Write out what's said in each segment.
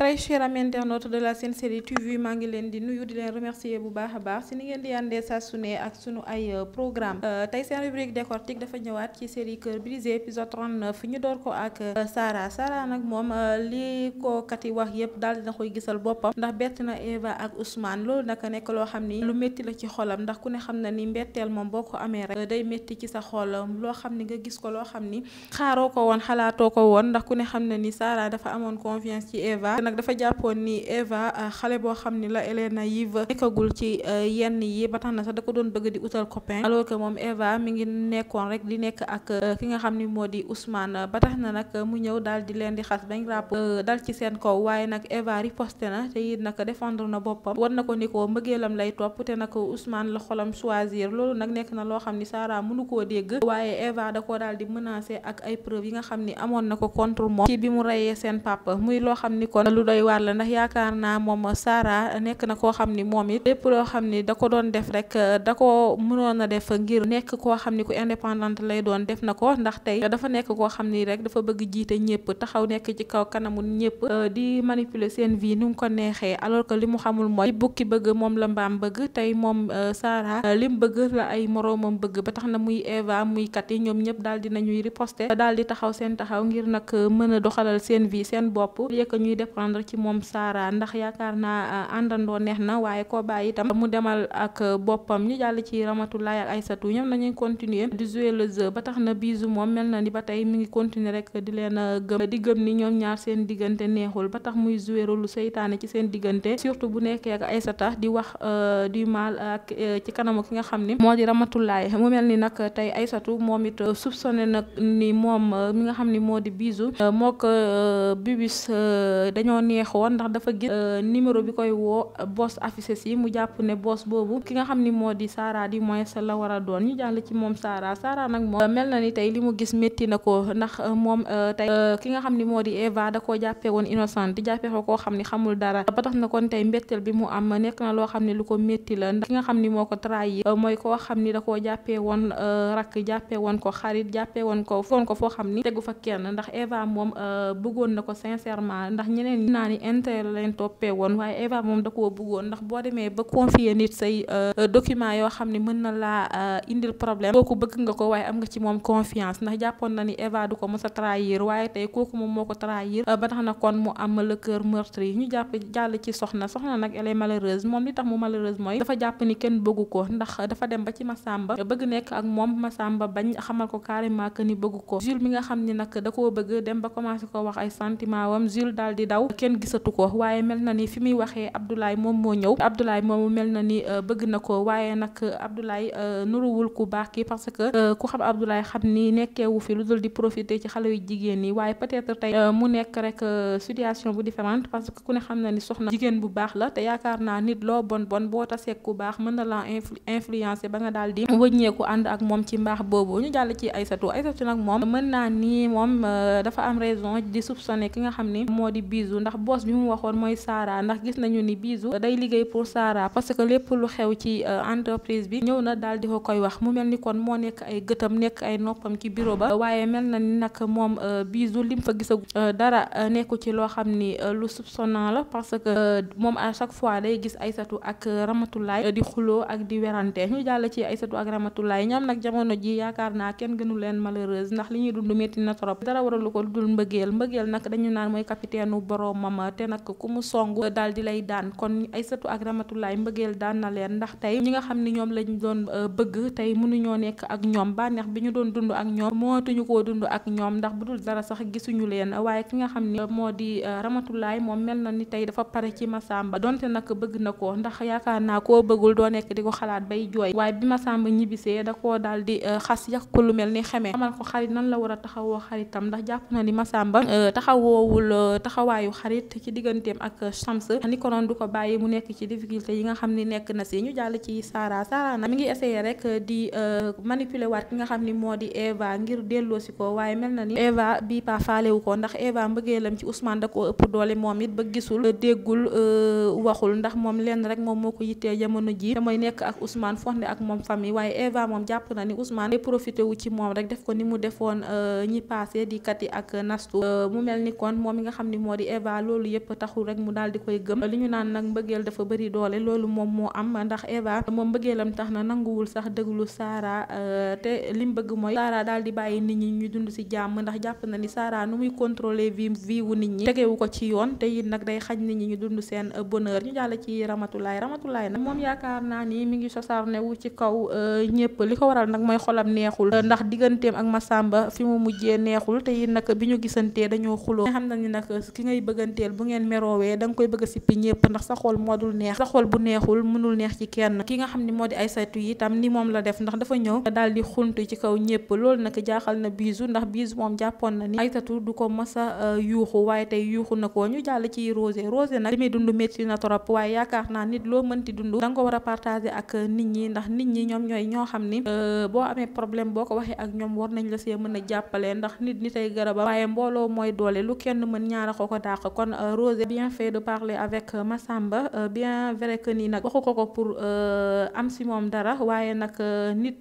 très cher am internaute de la Sen Série TV maa ngi leen di nuyu di leen remercier bu baax a baax si ni ngeen di àndee saa su ne ak sunu ay euh, programme euh, tey seen rubrique décortique dafa ñëwaat ci série Cœur brisé épisode 39 ñu door ko ak Sara euh, Sara nag moom li ko kat yi wax yëpp daal dina koy gisal boppam ndax bett na Eva ak Ousmane loolu naka nekk loo xam ni lu métti la ci xolam ndax ku ne xam na ni mbetteel moom boo ko amee rek day metti ci sa xol loo xam ni nga gis ko loo xam ni xaaroo ko woon xalaatoo ko woon ndax ku ne xam na ni dafa amoon confiance ci Eva nag dafa jàppoon ni Eva euh, xale boo xam ni la Elena Yves nekkagul ci euh, yenn yi ba tax na sax da ko doon bëgg di utal copain alors que moom Eva mi ngi nekkoon rek di nekk ak euh, ki nga xam ni moo di Ousmane ba tax na nag mu ñëw daal di leen di xas bañ ràpp dal ci seen kaw waaye nag Eva riposté na te it nag défendre na boppam war na ko ni ko mbëggeelam lay topp te nag Ousmane la xolam choisir loolu nag nekk na loo xam ni Sara mënu koo dégg waaye Eva da yi nga ni amoon na ko lu doy waar la ndax yaakaar naa moom Sara nekk na koo xam ni moom it lépp loo xam ni da ko doon def rek euh, da ko mënoon a def ngir nekk koo xam ni ku indépendante lay doon def na ko ndax tey dafa nekk koo xam ni rek dafa bëgg jiite ñëpp taxaw nekk ci kaw kanamu ñëpp euh, di manipule seen vie ni mu ko neexee alors que li mu xamul mooy bukki bëgg moom la mbaam bëgg tey moom euh, Sara lim bëgg la ay moroomam bëgg ba tax na muy Eva muy kat yi ñoom ñëpp daal di nañuy riposter daal di taxaw seen taxaw ngir nag mën dépendre ci moom Sara ndax yaakaar naa euh, àndandoo neex na waaye koo bàyyi itam mu demal ak euh, boppam ñu jàll ci Ramatoulaye ak Aysatu ñoom nañuy continuer di jouer le jeu ba tax na bisu moom mel na ni ba tey mi ngi continuer rek di leen euh, gëm di gëm ni ñoom ñaar seen diggante neexul ba tax muy jouer rôle lu seytaane ci seen diggante surtout bu nekkee ak Aysata di wax du mal ak ci kanamu ki nga xam ni moo di Ramatoulaye mu mel ni nag tey Aysatu moom it soupçonné nag ni moom mi nga ñoo neex woon ndax dafa gis euh, numéro bi koy woo boss affiché si mu jàpp ne boss boobu ki nga xam ni moo di Sara di moins la war a doon ñu jàll ci moom Sara Sara nag moom mel na ni tey li mu gis métti na ko ndax euh, moom euh, ki nga xam ni moo di Eva da koo jàppee woon innocent di jàppee ko koo xam ni xamul dara ba tax na kon tey mbetteel bi mu am nekk na loo xam ne lu ko métti la ki nga xam ni moo ko trahi mooy koo xam ni da koo jàppee woon rakk jàppee woon ko xarit jàppee woon ko foon foo xam ni tegu fa kenn ndax Eva moom bëggoon na ko naa ni inter la leen toppee woon waaye Eva moom da koo bëggoon ndax boo demee ba confier nit say euh, document yoo xam ne mën na laa euh, indil problème kooku bëgg nga ko waaye am nga ci moom confiance ndax jàppoon na ni Eva du ko mos a trahir waaye tey kooku moom moo ko trahir euh, ba tax na kon mu am kër cœur yi ñu jàpp jàll ci soxna soxna nag elle est malheureuse moom li tax mu malheureuse mooy dafa jàpp ni kenn bëggu ko ndax dafa dem ba ci Masamba bëgg nekk ak moom Masamba bañ xamal ko carrément que ni bëggu ko Jules mi nga xam ni nag da koo bëgg dem ba commencé ko wax ay sentiment wam Jules daal di daw kenn gisatu ko waaye mel na ni fi muy waxee Abdoulaye moom moo ñëw Abdoulaye moomu euh, ko waaye nag euh, Abdoulaye euh, nuruwul ku baax ki parce que ku xam Abdoulaye xam ni nekkeewu fi lu dul di profiter ci xale yu jigéen ñi waaye peut-être tey mu nekk rek situation bu différente parce que ku ne xam na ni soxna jigéen bu baax la te yaakaar naa nit loo bon bon boo tasee baax mën na la influencer ba nga daal di wëññeeku ànd ak moom ci mbaax boobu ñu jàll ci Aysatu Aysatu nag moom mën naa ni moom dafa am raison di soupçonner ki nga xam ni moo di bisu ndax boss bi mu waxoon mooy saara ndax gis nañu ni biisu day liggéey pour saara parce que lépp lu xew ci euh, entreprise bi ñëw na daal di ko koy wax mu mel ni kon moo nekk ay gëtam nekk ay noppam ci bureau ba waaye mel na ni nag moom euh, biisu lim fa gisagu euh, dara nekku ci loo xam ni lu soupçonnant la parce que moom à chaque fois day gis Aysatu ak Ramatulaay di xuloo ak di werante ñu jàll ci Aysatu ak Ramatulaay ñoom nag jamono ji yaakaar naa kenn gënu leen malheureuse ndax li ñuy dund métti na trop dara waralu ko dul mbëggeel mbëggeel nag dañu moroomam te nag ku mu song daal di lay daan kon Aysatu ak Ramatulaay mbëggeel daan na leen ndax tey ñi nga xam ne ñoom lañ doon euh, bëgg tey mënuñoo nekk ak ñoom bànneex bi ñu doon dund ak ñoom mootuñu koo dund ak ñoom ndax bu dul dara sax gisuñu leen waaye ki nga xam ni moo di euh, Ramatulaay moom mel na ni tey dafa pare ci Masamba donte nag bëgg na ko ndax yaakaar naa koo bëggul doo nekk di ko xalaat bay jooy waaye bi Masamba ñibbisee da koo daal di euh, xas yàq ko lu mel ni xamee xamal ko xarit nan la war a taxawoo xaritam ndax jàpp ni Masamba taxawoowul xarit ci digganteem ak Shams ni ko noon du ko bàyyi mu nekk ci difficulté yi nga xam ni nekk na si ñu jàll ci Sara Sara na mi ngi essayé rek euh, di euh, manipuler waat ki nga xam ni moo di Eva ngir delloo si ko waaye mel na ni Eva bi pa faalewu ko ndax Eva mbëggeelam ci Ousmane da ko ëpp doole moom it ba gisul euh, déggul waxul ndax moom lenn rek moom moo ko yittee jamono ji te mooy nekk ak Ousmane fonde ak moom famille waaye Eva moom jàpp na ni Ousmane day profité wu ci moom rek def ko ni mu defoon ñi passé Eva loolu yëpp taxul rek mu daal di koy gëm li ñu naan nag mbëggeel dafa bëri doole loolu moom moo am ndax Eva moom mbëggeelam tax na nanguwul sax déglu Sara euh, te li mu bëgg mooy Sara daal di bàyyi nit ñi ñu dund si jàmm ndax jàpp na ni Sara nu muy contrôler vie vie wu nit ñi tegewu ko ci yoon te it nag day xaj nit ñi ñu dund seen euh, bonheur ñu jàll ci Ramatulaay Ramatulaay nag moom yaakaar naa ni mu ngi sosaarne wu ci kaw euh, ñëpp li ko waral nag mooy xolam neexul ndax digganteem ak Masamba fi mu mujjee neexul te it nag bu ngeen meroowee da nga koy bëgg a sippi ñépp ndax sa xol moo dul neex sa xol bu neexul mënul neex ci kenn ki nga xam ni moo di Aysatu itam ni moom la def ndax dafa ñëw daal di xuntu ci kaw ñépp loolu nag jaaxal na biisu ndax biisu moom jàppoon na ni Aysatu du ko mës a euh, na ko ñu jàll ci Rosé Rosé nag li muy dund métti na trop waaye yaakaar naa nit loo mënti dund da nga ko war a partager ak euh, nit ñi ndax nit ñi ñoom ñooy ñoo xam ni euh, boo amee problème boo ko waxee ak ñoom war nañ la see mën a jàppale ndax nit nitay garaba waaye mbooloo mooy doole lu kenn mën ñaara ko ko yàq kon euh, Rose bien fait de parler avec euh, Massamba euh, bien vrai que nii nag waxu ko ko pour am si moom dara waaye nag nit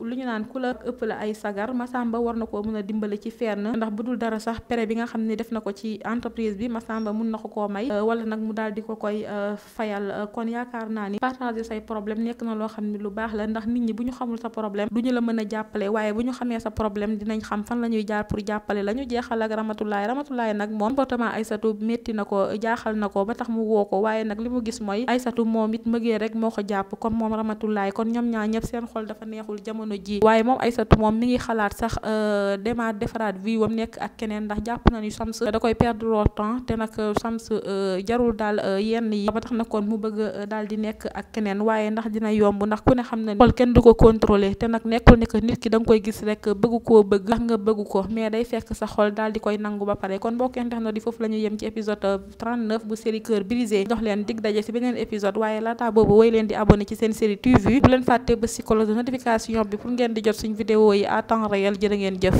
lu ñu naan ku la ëpp la ay sagar Massamba war na ko mën a dimbale ci na ndax bu dul dara sax pere bi nga xam ni def na ko ci entreprise bi Massamba mun na ko koo may wala nag mu daal di ko koy fayal kon yaakaar naa ni partager say problème nekk na loo xam ne lu baax la ndax nit ñi bu ñu xamul sa problème du ñu la mën a jàppale waaye bu xamee sa problème dinañ xam fan la ñuy jaar pour jàppale la ñu jeexal ak nag aysatu métti na ko jaaxal na ko ba tax mu woo ko waaye nag li mu gis mooy aysatu moom it mbëggeel rek moo ko jàpp comme moom ramatulaay kon ñoom ñaa ñëpp seen xol dafa neexul jamono ji waaye moom aysatu moom mi ngi xalaat sax euh, demaat defaraat vie wam nekk ak keneen ndax jàpp na ni Shams da koy perdre temps te nag euh, Shams euh, jarul daal yenn yi ba tax na kon mu bëgg daal di nekk ak keneen waaye ndax dina yomb ndax ku ne xam na xol kenn du ko contrôler te nag nekkul ne nit ki da koy gis rek bëgg koo bëgg ndax nga bëgg ko mais day fekk sa xol daal di koy nangu ba pare kon mbokk internet di foofu ñu yem ci épisode 39 bu série cœur brisé jox leen dig daje si beneen épisode waaye laata boobu woy leen di abonné ci seen série TV bu leen fàtte ba si cloche bi pour ngeen di jot suñ vidéo yi à temps réel jërë ngeen jëf